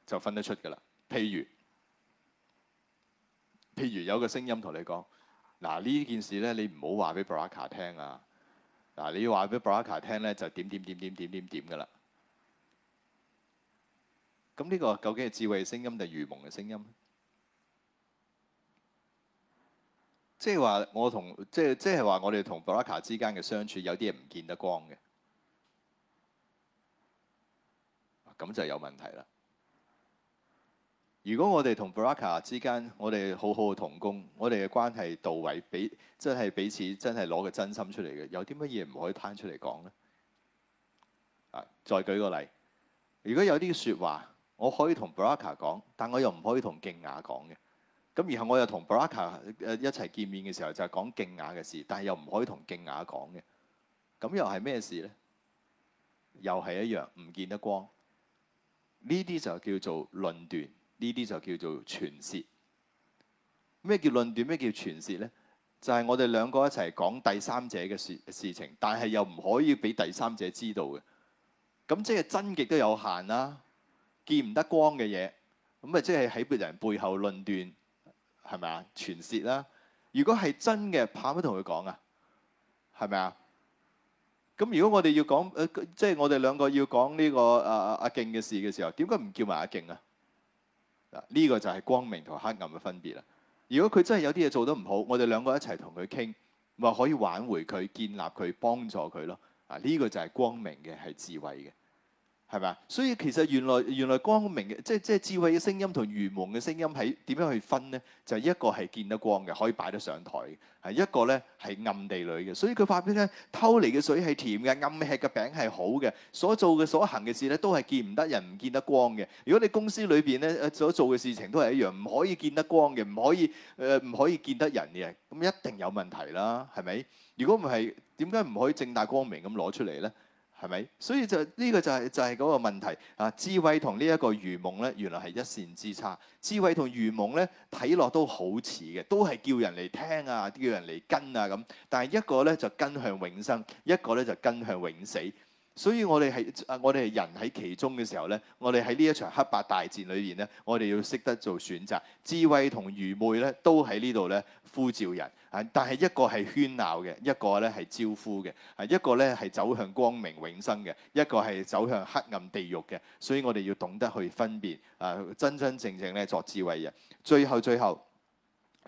就分得出㗎啦。譬如，譬如有個聲音同你講，嗱呢件事咧你唔好話俾布拉卡聽啊，嗱你要話俾布拉卡聽咧就點點點點點點點嘅啦。咁呢個究竟係智慧聲音定愚蒙嘅聲音？即係話我同即係即係話我哋同布拉卡之間嘅相處有啲嘢唔見得光嘅，咁就有問題啦。如果我哋同布拉卡之間，我哋好好嘅同工，我哋嘅關係到位，比真係彼此真係攞個真心出嚟嘅，有啲乜嘢唔可以攤出嚟講呢？再舉個例，如果有啲説話我可以同布拉卡講，但我又唔可以同勁雅講嘅。咁然後我又同布拉卡一齊見面嘅時候，就係講勁雅嘅事，但係又唔可以同勁雅講嘅。咁又係咩事呢？又係一樣唔見得光，呢啲就叫做論斷。呢啲就叫做傳舌。咩叫論斷？咩叫傳舌呢？就係我哋兩個一齊講第三者嘅事事情，但係又唔可以俾第三者知道嘅。咁即係真極都有限啦，見唔得光嘅嘢咁啊！即係喺別人背後論斷係咪啊？傳舌啦。如果係真嘅，怕乜同佢講啊？係咪啊？咁如果我哋要講即係我哋兩個要講呢個阿阿阿勁嘅事嘅時候，點解唔叫埋阿勁啊？呢個就係光明同黑暗嘅分別啦。如果佢真係有啲嘢做得唔好，我哋兩個一齊同佢傾，咪可以挽回佢、建立佢、幫助佢咯。啊，呢個就係光明嘅，係智慧嘅。係咪啊？所以其實原來原來光明嘅即係即係智慧嘅聲音同愚蒙嘅聲音係點樣去分呢？就係一個係見得光嘅，可以擺得上台嘅；係一個咧係暗地裏嘅。所以佢發表咧偷嚟嘅水係甜嘅，暗吃嘅餅係好嘅。所做嘅所行嘅事咧都係見唔得人、唔見得光嘅。如果你公司裏邊咧所做嘅事情都係一樣，唔可以見得光嘅，唔可以誒唔可以見得人嘅，咁一定有問題啦，係咪？如果唔係，點解唔可以正大光明咁攞出嚟咧？係咪？所以就呢個就係就係嗰個問題啊！智慧同呢一個愚蒙咧，原來係一線之差。智慧同愚蒙咧，睇落都好似嘅，都係叫人嚟聽啊，叫人嚟跟啊咁。但係一個咧就跟向永生，一個咧就跟向永死。所以我哋係啊，我哋係人喺其中嘅時候咧，我哋喺呢一場黑白大戰裏邊咧，我哋要識得做選擇。智慧同愚昧咧，都喺呢度咧呼召人。但係一個係喧鬧嘅，一個咧係招呼嘅，一個咧係走向光明永生嘅，一個係走向黑暗地獄嘅。所以我哋要懂得去分辨，啊，真真正正咧作智慧人。最後最後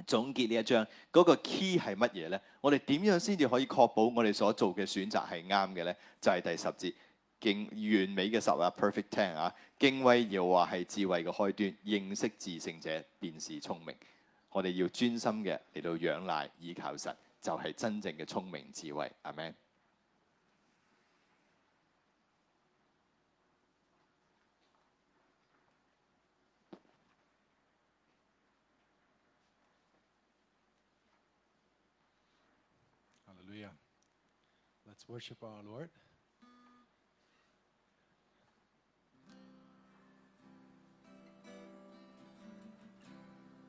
總結呢一章，嗰、那個 key 係乜嘢呢？我哋點樣先至可以確保我哋所做嘅選擇係啱嘅呢？就係、是、第十節敬完美嘅十啊 perfect ten 啊，敬畏耶和華係智慧嘅開端，認識至聖者便是聰明。我哋要專心嘅嚟到仰賴依靠神，就係、是、真正嘅聰明智慧。阿們。
Hallelujah，Let's worship our Lord。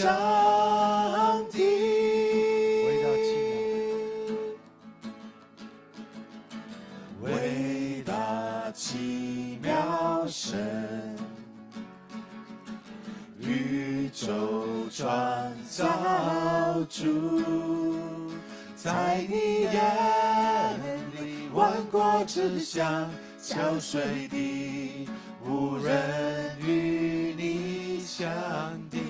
上帝，偉大奇妙神，宇宙創造主，在你眼裏，萬國之像，橋水地，無人與你相敵。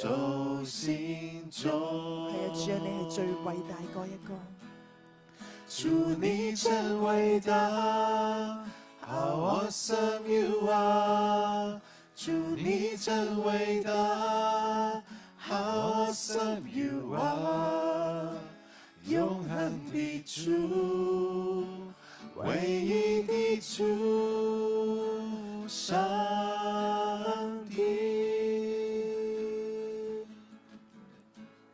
手心中。還有、啊、主你係最偉大嗰一個。祝你真偉大
，How awesome you are！祝你真偉大，How awesome you are！永恆的主，唯一
的主，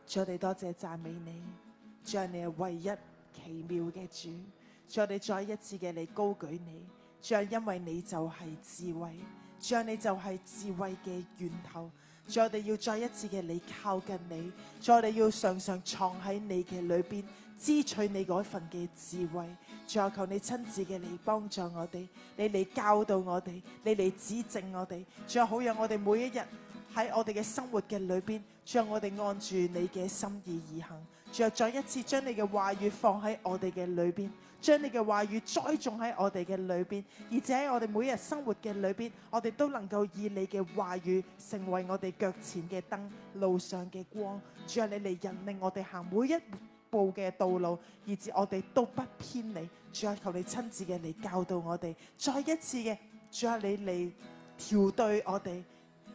主我哋多謝讚美你，主你係唯一奇妙嘅主，主我哋再一次嘅你高舉你，主因為你就係智慧，主你就係智慧嘅源頭，主我哋要再一次嘅你靠近你，主我哋要常常藏喺你嘅裏邊，支取你嗰份嘅智慧，主求你親自嘅你幫助我哋，你嚟教導我哋，你嚟指正我哋，主好讓我哋每一日。喺我哋嘅生活嘅裏邊，將我哋按住你嘅心意而行，仲有再一次將你嘅話語放喺我哋嘅裏邊，將你嘅話語栽種喺我哋嘅裏邊，而且喺我哋每日生活嘅裏邊，我哋都能夠以你嘅話語成為我哋腳前嘅燈、路上嘅光，主啊，你嚟引領我哋行每一步嘅道路，以至我哋都不偏離，主啊，求你親自嘅嚟教導我哋，再一次嘅，主啊，你嚟調對我哋。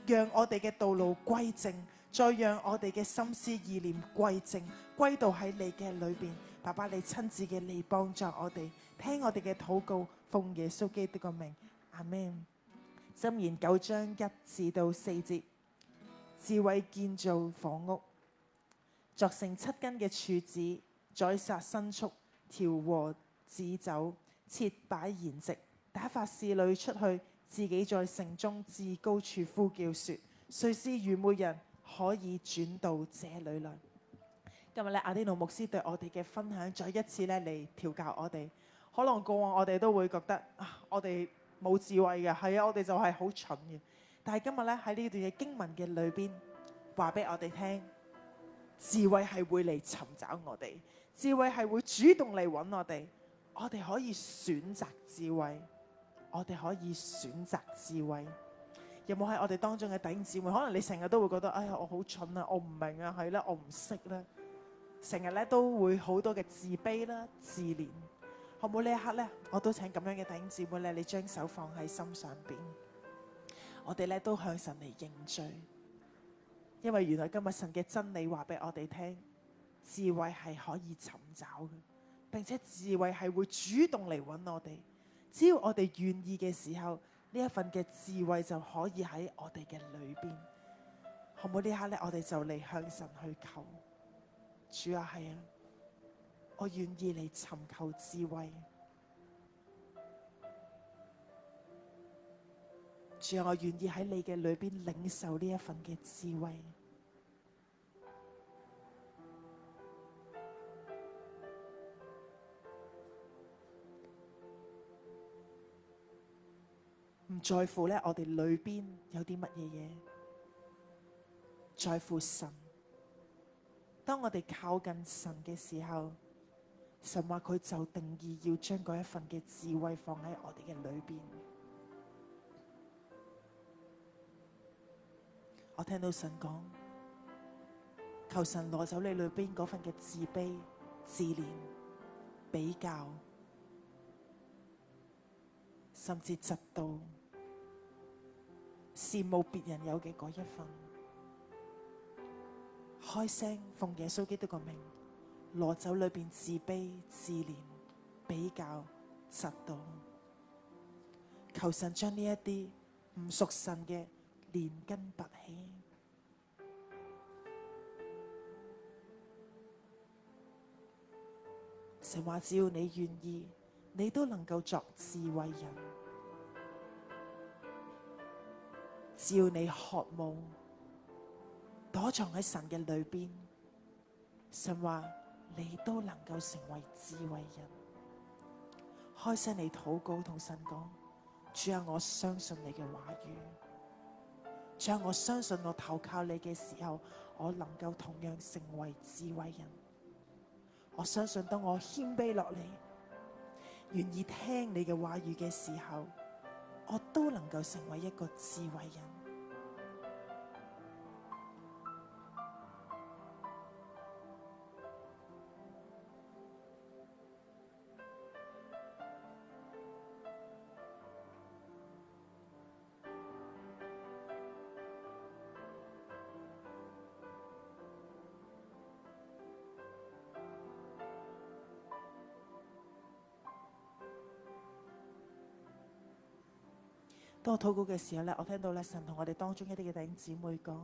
讓我哋嘅道路歸正，再讓我哋嘅心思意念歸正，歸到喺你嘅裏邊。爸爸，你親自嘅嚟幫助我哋，聽我哋嘅禱告，奉耶穌基督嘅名，阿門。箴言九章一至到四節，智慧建造房屋，作成七根嘅柱子，宰殺牲畜，調和旨酒，切擺筵席，打發侍女出去。自己在城中至高處呼叫說，誰是愚昧人可以轉到這裏來？今日咧，阿丁奴牧師對我哋嘅分享，再一次咧嚟調教我哋。可能過往我哋都會覺得啊，我哋冇智慧嘅，係啊，我哋就係好蠢嘅。但係今日咧喺呢段嘅經文嘅裏邊，話俾我哋聽，智慧係會嚟尋找我哋，智慧係會主動嚟揾我哋，我哋可以選擇智慧。我哋可以選擇智慧，有冇喺我哋當中嘅弟兄姊妹？可能你成日都會覺得，哎呀，我好蠢啊，我唔明啊，係啦，我唔識啦，成日咧都會好多嘅自卑啦、自憐，好唔好？呢一刻咧，我都請咁樣嘅弟兄姊妹咧，你將手放喺心上邊，我哋咧都向神嚟認罪，因為原來今日神嘅真理話俾我哋聽，智慧係可以尋找嘅，並且智慧係會主動嚟揾我哋。只要我哋願意嘅時候，呢一份嘅智慧就可以喺我哋嘅裏邊，好唔好？呢刻咧，我哋就嚟向神去求，主啊係啊，我願意嚟尋求智慧，主要我願意喺你嘅裏邊領受呢一份嘅智慧。唔在乎咧，我哋裏邊有啲乜嘢嘢？在乎神。當我哋靠近神嘅時候，神話佢就定義要將嗰一份嘅智慧放喺我哋嘅裏邊。我聽到神講：求神攞走你裏邊嗰份嘅自卑、自憐、比較，甚至直到。羨慕別人有嘅嗰一份開聲，開聲，奉耶穌基督個名，攞走裏邊自卑、自憐、比較、嫉妒，求神將呢一啲唔屬神嘅連根拔起。神話只要你願意，你都能夠作智慧人。只要你渴望躲藏喺神嘅裏邊，神話你都能夠成為智慧人。開聲，你禱告同神講，只有我相信你嘅話語，只有我相信我投靠你嘅時候，我能夠同樣成為智慧人。我相信當我謙卑落嚟，願意聽你嘅話語嘅時候，我都能夠成為一個智慧人。當我禱告嘅時候咧，我聽到咧神同我哋當中一啲嘅弟兄姊妹講，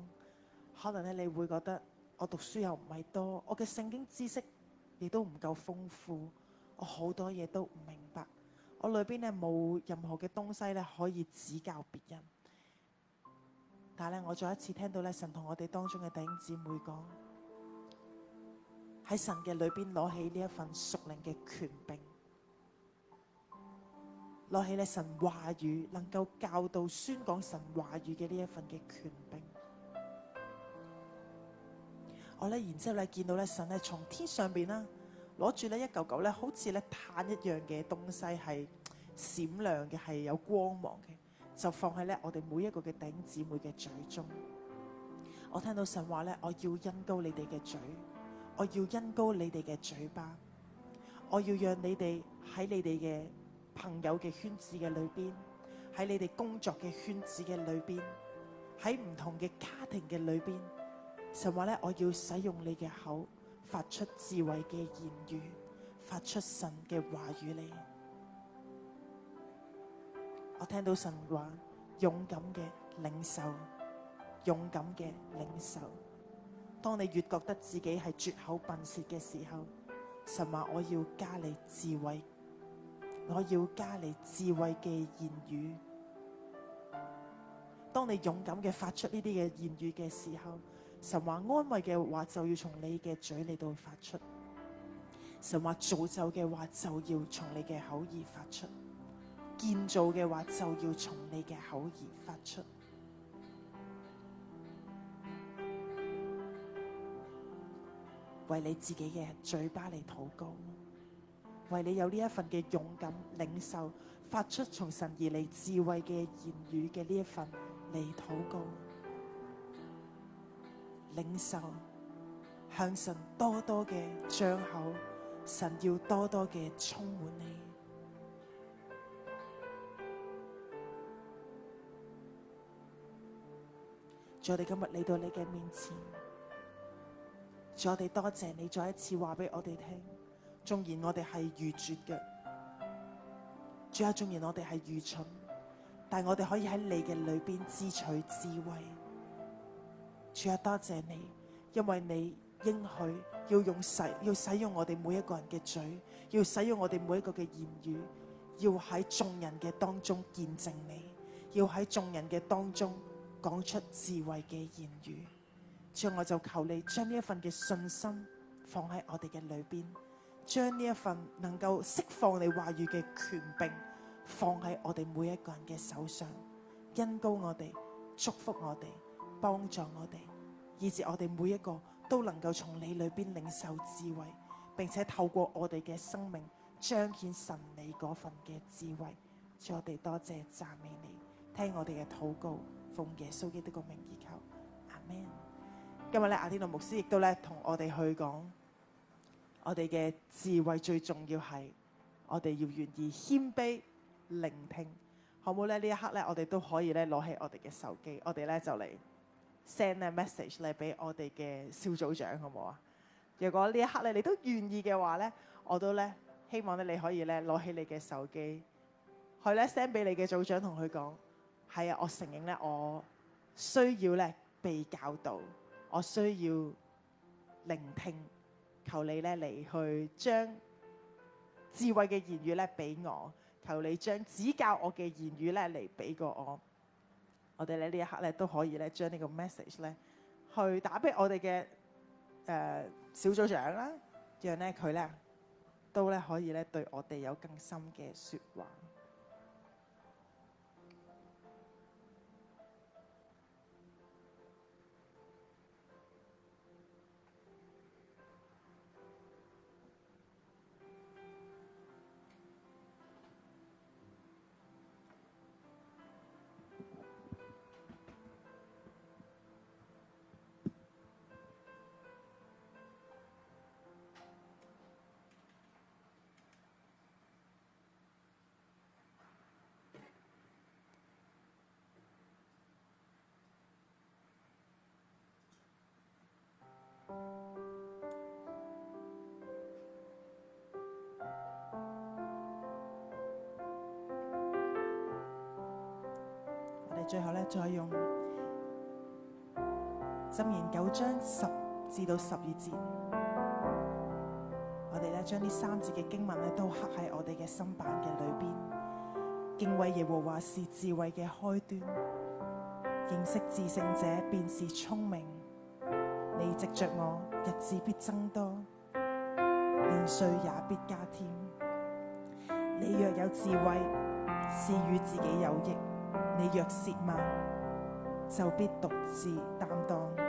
可能咧你會覺得我讀書又唔係多，我嘅聖經知識亦都唔夠豐富，我好多嘢都唔明白，我裏邊咧冇任何嘅東西咧可以指教別人。但係咧，我再一次聽到咧神同我哋當中嘅弟兄姊妹講，喺神嘅裏邊攞起呢一份屬靈嘅權柄。攞起咧神話語，能夠教導、宣講神話語嘅呢一份嘅權柄。我咧，然之後咧見到咧神咧從天上邊啦，攞住呢一嚿嚿咧好似咧炭一樣嘅東西，係閃亮嘅，係有光芒嘅，就放喺咧我哋每一個嘅弟兄姊妹嘅嘴中。我聽到神話咧，我要恩膏你哋嘅嘴，我要恩膏你哋嘅嘴巴，我要讓你哋喺你哋嘅。朋友嘅圈子嘅裏邊，喺你哋工作嘅圈子嘅裏邊，喺唔同嘅家庭嘅裏邊，神話咧，我要使用你嘅口，發出智慧嘅言語，發出神嘅話語咧。我聽到神話，勇敢嘅領袖，勇敢嘅領袖。當你越覺得自己係絕口笨舌嘅時候，神話我要加你智慧。我要加你智慧嘅言語。當你勇敢嘅發出呢啲嘅言語嘅時候，神話安慰嘅話就要從你嘅嘴裏度發出；神話造就嘅話就要從你嘅口耳發出；建造嘅話就要從你嘅口耳發出。為你自己嘅嘴巴嚟禱告。為你有呢一份嘅勇敢領袖，發出從神而嚟，智慧嘅言語嘅呢一份嚟禱告。領袖向神多多嘅張口，神要多多嘅充滿你。祝我哋今日嚟到你嘅面前，祝我哋多謝你再一次話俾我哋聽。縱然我哋係愚拙嘅，主啊，縱然我哋係愚蠢，但係我哋可以喺你嘅裏邊支取智慧。主啊，多謝你，因為你應許要用使要使用我哋每一個人嘅嘴，要使用我哋每一個嘅言語，要喺眾人嘅當中見證你，要喺眾人嘅當中講出智慧嘅言語。主，我就求你將呢一份嘅信心放喺我哋嘅裏邊。將呢一份能夠釋放你話語嘅權柄放喺我哋每一個人嘅手上，恩膏我哋，祝福我哋，幫助我哋，以致我哋每一個都能夠從你裏邊領受智慧，並且透過我哋嘅生命彰顯神你嗰份嘅智慧。祝我哋多謝讚美你，聽我哋嘅禱告，奉耶穌基督嘅名義求，阿門。今日咧，阿天道牧師亦都咧同我哋去講。我哋嘅智慧最重要係，我哋要願意謙卑聆聽，好唔好咧？呢一刻咧，我哋都可以咧攞起我哋嘅手機，我哋咧就嚟 send a message 咧俾我哋嘅小組長，好唔好啊？如果呢一刻咧你都願意嘅話咧，我都咧希望咧你可以咧攞起你嘅手機去咧 send 俾你嘅組長，同佢講，係啊，我承認咧，我需要咧被教導，我需要聆聽。求你咧嚟去將智慧嘅言語咧俾我，求你將指教我嘅言語咧嚟俾過我。我哋咧呢這一刻咧都可以咧將呢將這個 message 咧去打俾我哋嘅誒小組長啦，讓咧佢咧都咧可以咧對我哋有更深嘅説話。我哋最後呢，再用《箴言》九章十至到十二節，我哋呢，將呢三節嘅經文呢，都刻喺我哋嘅心版嘅裏邊。敬畏耶和華是智慧嘅開端，認識自勝者便是聰明。你藉着我，日子必增多，年歲也必加添。你若有智慧，是與自己有益；你若褻慢，就必獨自擔當。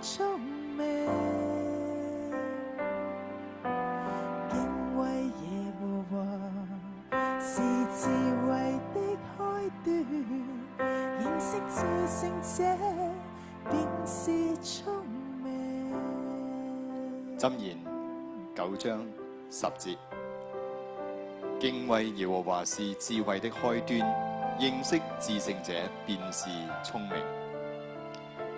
聰明。箴言九章十節：敬畏耶和華是智慧的開端，認識至聖者便是聰
明。箴言九章十節：敬畏耶和華是智慧的開端，認識至聖者便是聰明。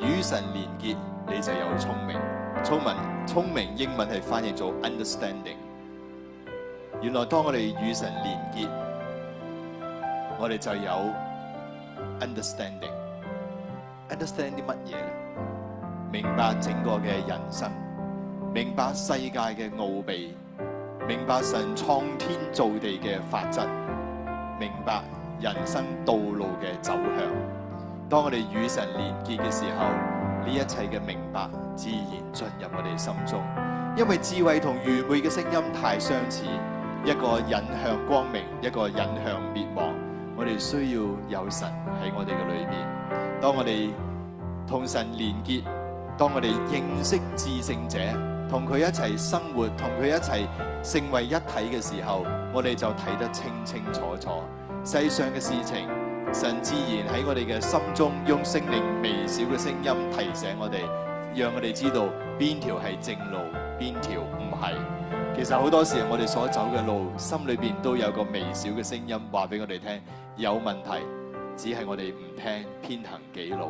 與神連結，你就有聰明。聰明，聰明英文係翻譯做 understanding。原來當我哋與神連結，我哋就有 understanding。understanding 啲乜嘢？明白整個嘅人生，明白世界嘅奧秘，明白神創天造地嘅法則，明白人生道路嘅走向。當我哋與神連結嘅時候，呢一切嘅明白自然進入我哋心中。因為智慧同愚昧嘅聲音太相似，一個引向光明，一個引向滅亡。我哋需要有神喺我哋嘅裏面。當我哋同神連結，當我哋認識智性者，同佢一齊生活，同佢一齊成為一體嘅時候，我哋就睇得清清楚楚，世上嘅事情。神自然喺我哋嘅心中，用聖靈微小嘅聲音提醒我哋，讓我哋知道邊條係正路，邊條唔係。其實好多時我哋所走嘅路，心裏邊都有個微小嘅聲音話俾我哋聽，有問題，只係我哋唔聽，偏行己路。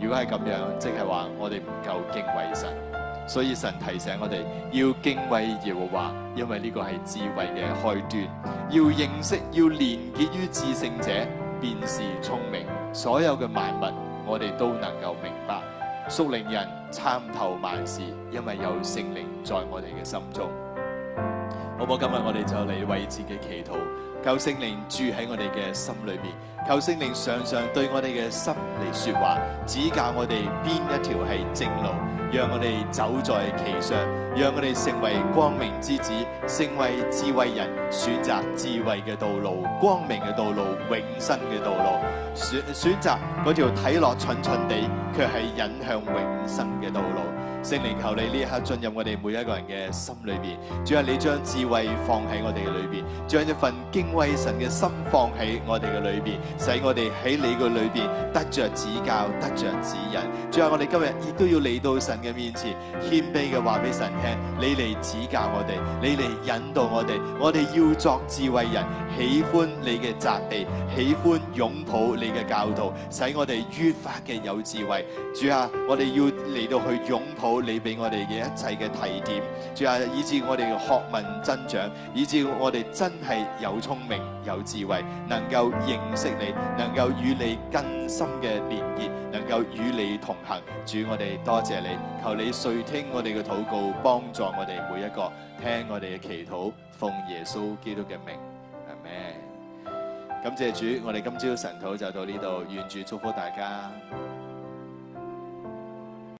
如果係咁樣，即係話我哋唔夠敬畏神，所以神提醒我哋要敬畏耶和華，因為呢個係智慧嘅開端，要認識，要連結於至聖者，便是聰明，所有嘅萬物我哋都能夠明白，屬靈人參透萬事，因為有聖靈在我哋嘅心中。好唔好？今日我哋就嚟為自己祈禱。求聖靈住喺我哋嘅心裏邊，求聖靈常常對我哋嘅心嚟說話，指教我哋邊一條係正路，讓我哋走在其上，讓我哋成為光明之子，成為智慧人，選擇智慧嘅道路，光明嘅道路，永生嘅道路，選，選擇嗰條睇落蠢蠢地，卻係引向永生嘅道路。聖靈，求你呢一刻進入我哋每一個人嘅心裏邊，主啊，你將智慧放喺我哋嘅裏邊，將一份敬畏神嘅心放喺我哋嘅裏邊，使我哋喺你嘅裏邊得着指教，得着指引。主啊，我哋今日亦都要嚟到神嘅面前，謙卑嘅話俾神聽，你嚟指教我哋，你嚟引導我哋。我哋要作智慧人，喜歡你嘅責備，喜歡擁抱你嘅教導，使我哋越發嘅有智慧。主啊，我哋要嚟到去擁抱。好，你俾我哋嘅一切嘅提點，仲有以致我哋嘅學問增長，以致我哋真係有聰明有智慧，能夠認識你，能夠與你更深嘅連結，能夠與你同行。主，我哋多謝你，求你垂聽我哋嘅禱告，幫助我哋每一個聽我哋嘅祈禱，奉耶穌基督嘅名，阿們。感謝主，我哋今朝神土就到呢度，願主祝福大家。